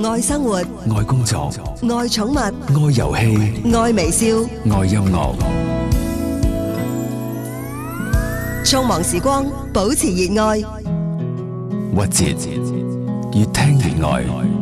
愛生活，愛工作，愛寵物，愛遊戲，愛微笑，愛音樂。匆忙時光，保持熱愛。屈折，越聽越愛。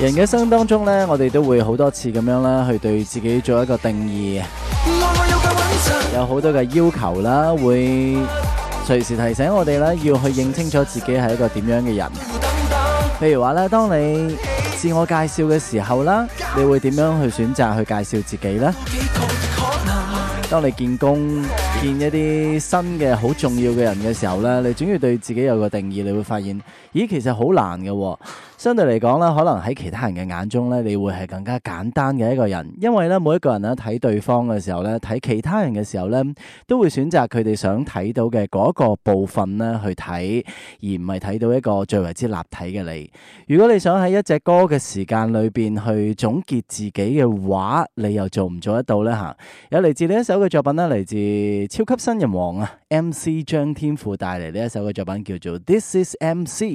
人嘅生當中呢，我哋都會好多次咁樣啦，去對自己做一個定義，有好多嘅要求啦，會隨時提醒我哋啦，要去認清楚自己係一個點樣嘅人。譬如話咧，當你自我介紹嘅時候啦，你會點樣去選擇去介紹自己呢？當你見工見一啲新嘅好重要嘅人嘅時候呢，你總要對自己有個定義，你會發現。咦，其實好難嘅、哦，相對嚟講咧，可能喺其他人嘅眼中呢，你會係更加簡單嘅一個人，因為呢，每一個人呢睇對方嘅時候呢，睇其他人嘅時候呢，都會選擇佢哋想睇到嘅嗰個部分呢去睇，而唔係睇到一個最為之立體嘅你。如果你想喺一隻歌嘅時間裏邊去總結自己嘅話，你又做唔做得到呢？吓，有嚟自呢一首嘅作品呢，嚟自超級新人王啊，M C 張天賦帶嚟呢一首嘅作品叫做《This Is M C》。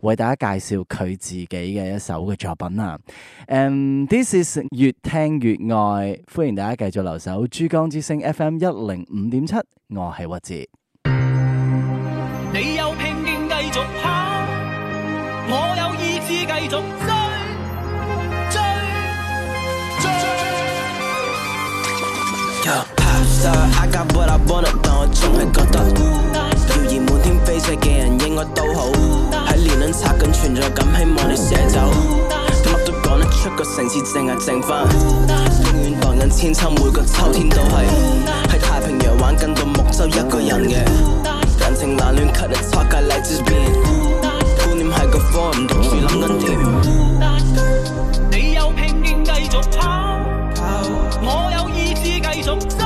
為大家介紹佢自己嘅一首嘅作品啦。嗯，This is 越聽越愛，歡迎大家繼續留守珠江之星 FM 一零五點七，我係屈志，你有拼勁繼續跑，我有意志繼續追。追追 yeah, pasta, 而滿天飛雪嘅人應該都好孤單，喺年輪擦緊存在感，希望你寫走孤單。乜都講得出個城市，淨係剩翻孤單。永遠盪緊千秋，每個秋天都係孤單，喺太平洋玩緊到木舟，一個人嘅孤單感情冷暖，給你拆解兩次變孤單。觀念係個謊，同時諗緊點孤單？你有拼勁繼續跑，我有意志繼續。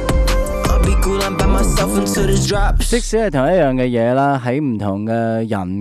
即使係同一樣嘅嘢啦，喺唔同嘅人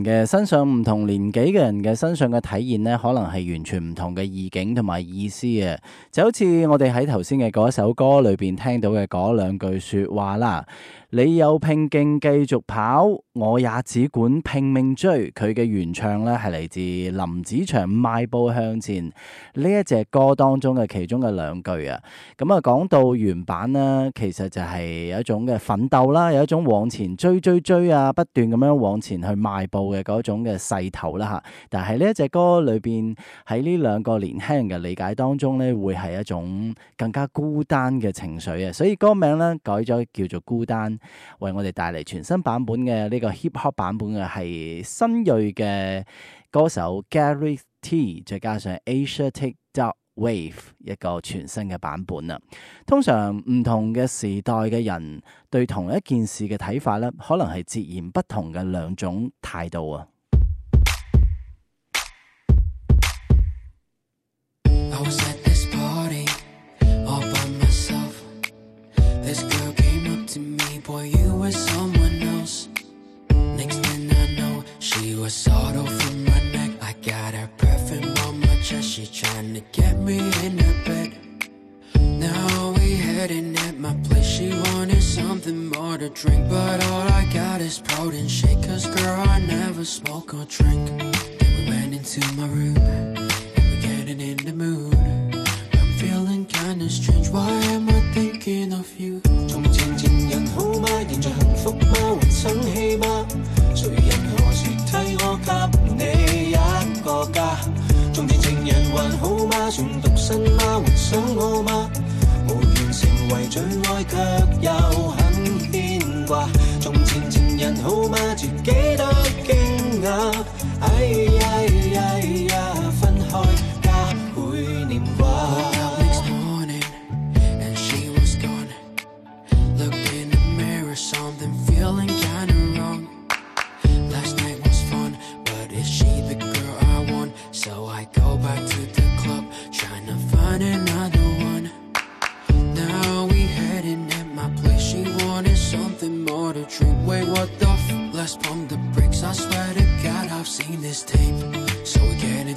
嘅身上，唔同年紀嘅人嘅身上嘅體驗呢，可能係完全唔同嘅意境同埋意思嘅。就好似我哋喺頭先嘅嗰首歌裏邊聽到嘅嗰兩句說話啦。你有拼勁繼續跑，我也只管拼命追。佢嘅原唱咧係嚟自林子祥《邁步向前》呢一隻歌當中嘅其中嘅兩句啊。咁啊，講到原版呢，其實就係有一種嘅奮鬥啦，有一種往前追追追啊，不斷咁樣往前去邁步嘅嗰種嘅勢頭啦吓。但係呢一隻歌裏邊喺呢兩個年輕人嘅理解當中咧，會係一種更加孤單嘅情緒啊。所以歌名咧改咗叫做《孤單》。為我哋帶嚟全新版本嘅呢個 hip hop 版本嘅係新銳嘅歌手 Gary Tee，再加上 Asia Take Dark Wave 一個全新嘅版本啦。通常唔同嘅時代嘅人對同一件事嘅睇法咧，可能係截然不同嘅兩種態度啊。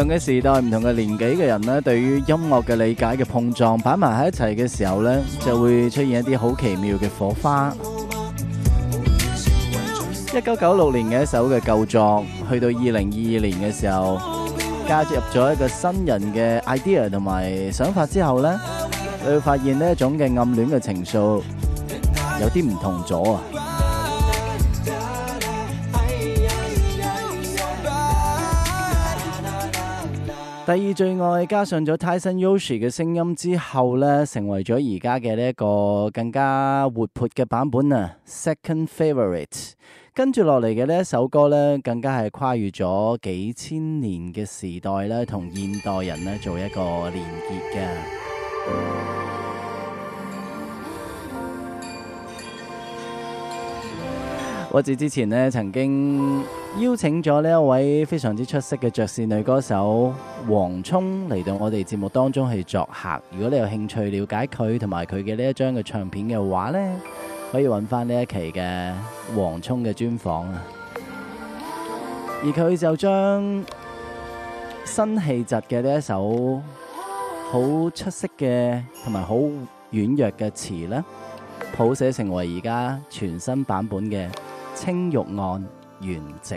唔同嘅時代，唔同嘅年紀嘅人咧，對於音樂嘅理解嘅碰撞擺埋喺一齊嘅時候咧，就會出現一啲好奇妙嘅火花。一九九六年嘅一首嘅舊作，去到二零二二年嘅時候，加入咗一個新人嘅 idea 同埋想法之後咧，你會發現呢一種嘅暗戀嘅情愫有啲唔同咗啊！第二最愛加上咗 Tyson Yoshi，嘅聲音之後，成為咗而家嘅呢一個更加活潑嘅版本啊。Second favorite，跟住落嚟嘅呢一首歌呢，更加係跨越咗幾千年嘅時代啦，同現代人呢做一個連結㗎。我自之前咧，曾經邀請咗呢一位非常之出色嘅爵士女歌手黃聰嚟到我哋節目當中去作客。如果你有興趣了解佢同埋佢嘅呢一張嘅唱片嘅話呢，可以揾翻呢一期嘅黃聰嘅專訪啊。而佢就將新氣質嘅呢一首好出色嘅同埋好軟弱嘅詞呢譜寫成為而家全新版本嘅。青玉案，元夕。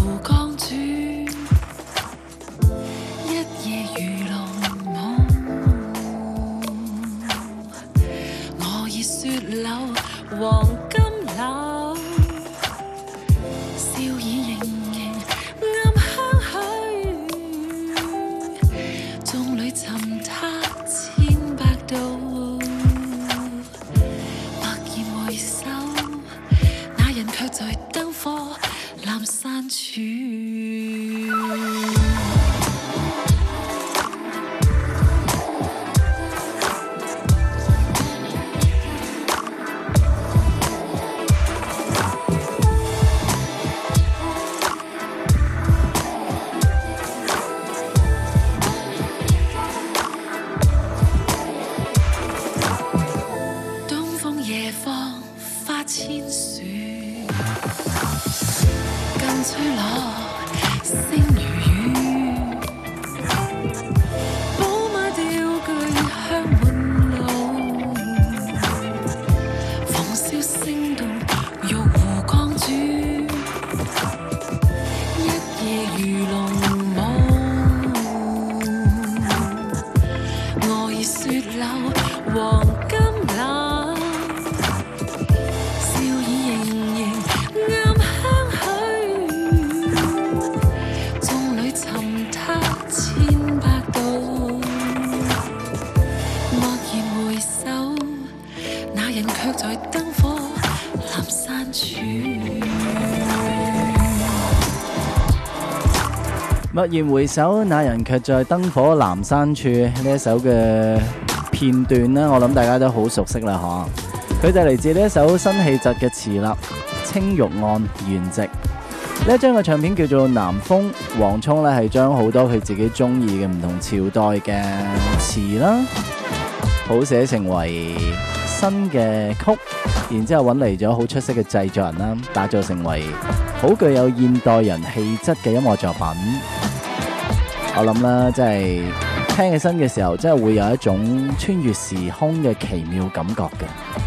驀然回首，那人卻在燈火闌珊處。呢一首嘅片段咧，我諗大家都好熟悉啦，嗬。佢就嚟自呢一首新氣質嘅詞啦，《青玉案》元夕。呢一張嘅唱片叫做《南風》，黃聰咧係將好多佢自己中意嘅唔同朝代嘅詞啦，譜寫成為新嘅曲，然之後揾嚟咗好出色嘅製作人啦，打造成為好具有現代人氣質嘅音樂作品。我諗啦，即係聽起身嘅時候，真係會有一種穿越時空嘅奇妙感覺嘅。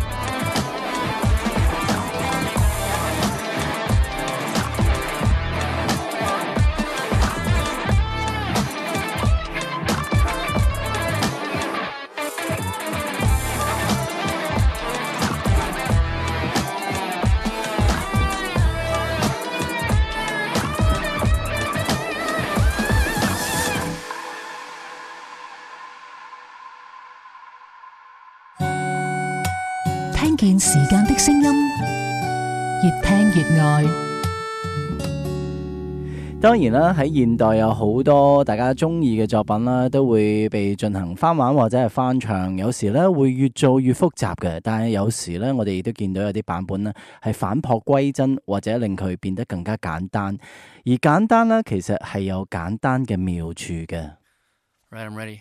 聽見時間的聲音，越聽越愛。當然啦，喺現代有好多大家中意嘅作品啦，都會被進行翻玩或者係翻唱。有時咧會越做越複雜嘅，但係有時咧我哋亦都見到有啲版本呢，係反璞歸真，或者令佢變得更加簡單。而簡單呢，其實係有簡單嘅妙處嘅。Right,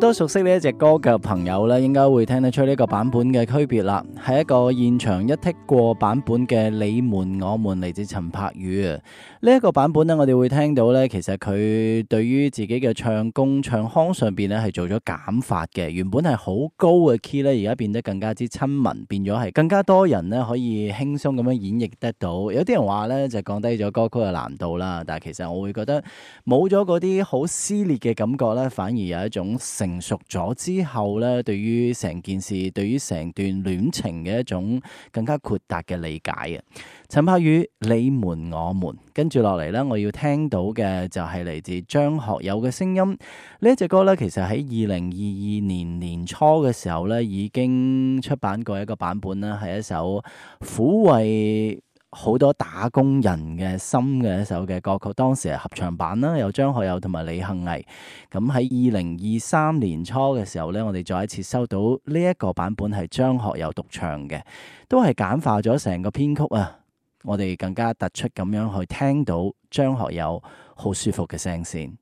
都熟悉呢一隻歌嘅朋友咧，應該會聽得出呢個版本嘅區別啦。係一個現場一剔過版本嘅《你瞞我瞞》，嚟自陳柏宇啊。呢一個版本咧，我哋會聽到咧，其實佢對於自己嘅唱功、唱腔上邊咧係做咗減法嘅。原本係好高嘅 key 咧，而家變得更加之親民，變咗係更加多人咧可以輕鬆咁樣演繹得到。有啲人話咧就降低咗歌曲嘅難度啦，但係其實我會覺得冇咗嗰啲好撕裂嘅感覺咧，反而有一種成。成熟咗之後咧，對於成件事，對於成段戀情嘅一種更加豁達嘅理解啊！陳柏宇，你們我們。跟住落嚟呢，我要聽到嘅就係嚟自張學友嘅聲音。呢一隻歌呢，其實喺二零二二年年初嘅時候呢已經出版過一個版本啦，係一首撫慰，好多打工人嘅心嘅一首嘅歌曲，當時係合唱版啦，有張學友同埋李幸倪。咁喺二零二三年初嘅時候咧，我哋再一次收到呢一個版本係張學友獨唱嘅，都係簡化咗成個編曲啊，我哋更加突出咁樣去聽到張學友好舒服嘅聲線，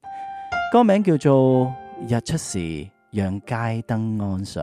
歌名叫做《日出時讓街燈安睡》。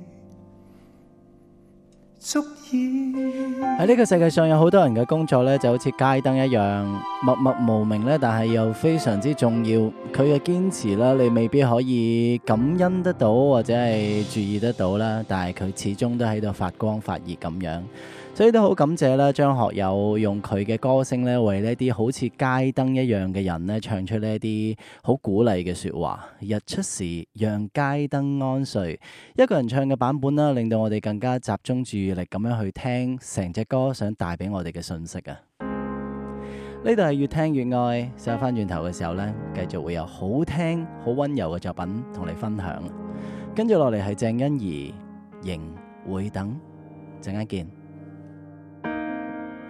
喺呢 個世界上有好多人嘅工作咧，就好似街燈一樣默默無名咧，但係又非常之重要。佢嘅堅持啦，你未必可以感恩得到或者係注意得到啦，但係佢始終都喺度發光發熱咁樣。所以都好感謝啦，張學友用佢嘅歌聲咧，為呢啲好似街燈一樣嘅人咧，唱出呢一啲好鼓勵嘅說話。日出時，讓街燈安睡。一個人唱嘅版本啦，令到我哋更加集中注意力咁樣去聽成隻歌，想帶俾我哋嘅信息啊。呢度係越聽越愛。試下翻轉頭嘅時候咧，繼續會有好聽、好温柔嘅作品同你分享。跟住落嚟係鄭欣宜，仍會等。陣間見。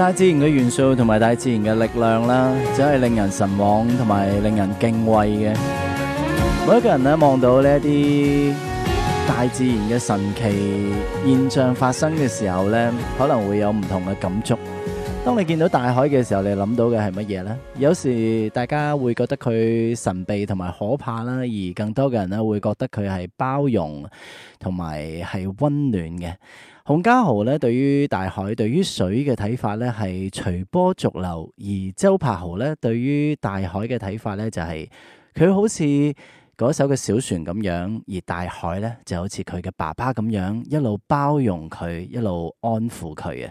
大自然嘅元素同埋大自然嘅力量啦，真係令人神往同埋令人敬畏嘅。每一個人咧，望到呢一啲大自然嘅神奇現象發生嘅時候咧，可能會有唔同嘅感觸。當你見到大海嘅時候，你諗到嘅係乜嘢咧？有時大家會覺得佢神秘同埋可怕啦，而更多嘅人咧會覺得佢係包容同埋係溫暖嘅。洪嘉豪咧，對於大海，對於水嘅睇法咧係隨波逐流，而周柏豪咧對於大海嘅睇法咧就係佢好似嗰艘嘅小船咁樣，而大海咧就好似佢嘅爸爸咁樣，一路包容佢，一路安撫佢嘅。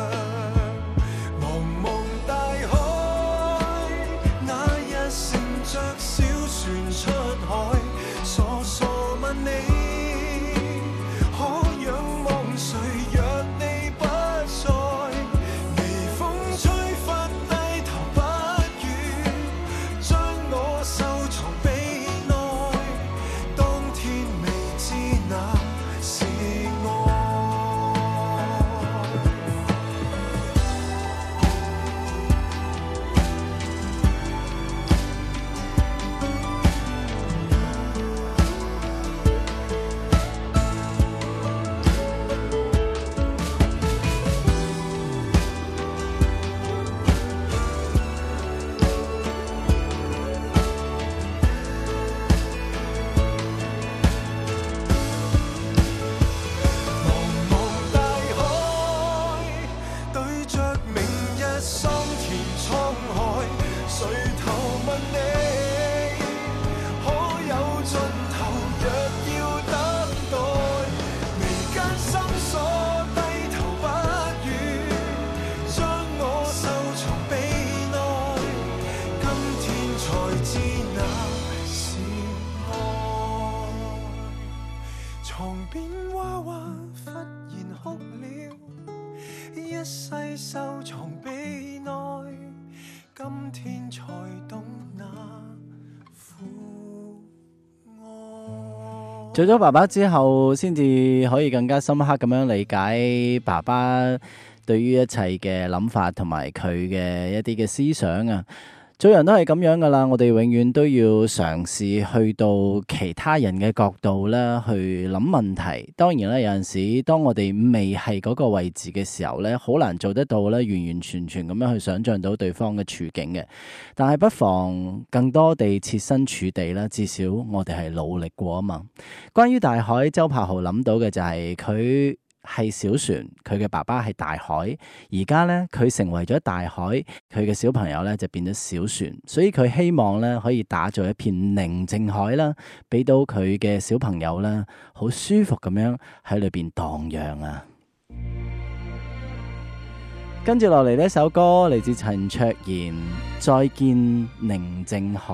一世收藏悲哀，今天才懂那父愛。做咗爸爸之後，先至可以更加深刻咁樣理解爸爸對於一切嘅諗法同埋佢嘅一啲嘅思想啊。做人都係咁樣噶啦，我哋永遠都要嘗試去到其他人嘅角度咧，去諗問題。當然啦，有陣時候當我哋未係嗰個位置嘅時候咧，好難做得到咧，完完全全咁樣去想象到對方嘅處境嘅。但係不妨更多地設身處地啦，至少我哋係努力過啊嘛。關於大海，周柏豪諗到嘅就係、是、佢。係小船，佢嘅爸爸係大海。而家呢，佢成為咗大海，佢嘅小朋友呢就變咗小船。所以佢希望呢可以打造一片寧靜海啦，俾到佢嘅小朋友啦，好舒服咁樣喺裏邊蕩漾啊。跟住落嚟，呢首歌嚟自陳卓賢《再見寧靜海》。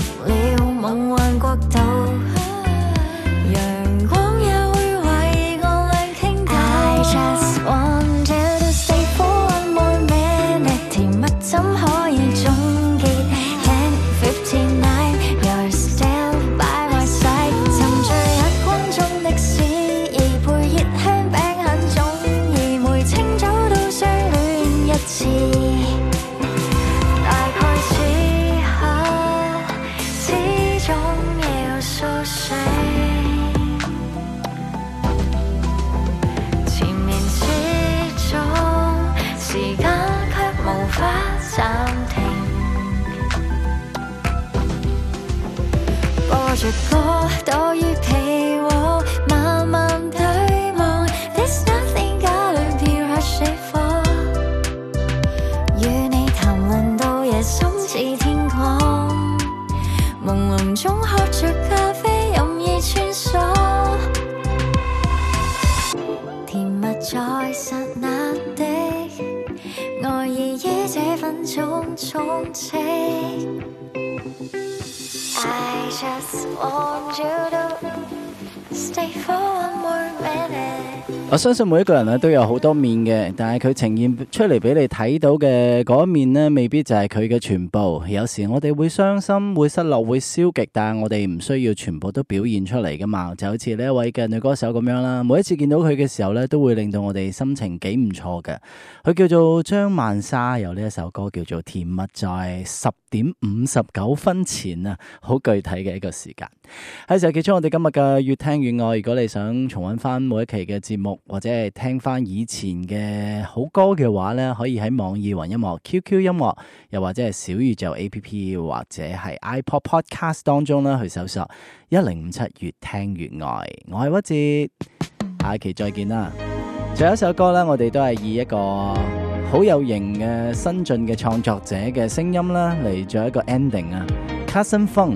相信每一個人咧都有好多面嘅，但係佢呈現出嚟俾你睇到嘅嗰一面呢，未必就係佢嘅全部。有時我哋會傷心、會失落、會消極，但係我哋唔需要全部都表現出嚟噶嘛。就好似呢一位嘅女歌手咁樣啦，每一次見到佢嘅時候呢，都會令到我哋心情幾唔錯嘅。佢叫做張曼莎，有呢一首歌叫做《甜蜜在十點五十九分前》啊，好具體嘅一個時間。係時候結束我哋今日嘅越聽越愛。如果你想重温翻每一期嘅節目，或者係聽翻以前嘅好歌嘅話咧，可以喺網易雲音樂、QQ 音樂，又或者係小宇宙 APP，或者係 iPod Podcast 當中啦去搜索一零五七越聽越愛。我係屈哲，下一期再見啦。最後一首歌咧，我哋都係以一個好有型嘅新晉嘅創作者嘅聲音啦嚟做一個 ending 啊。Cousin 風。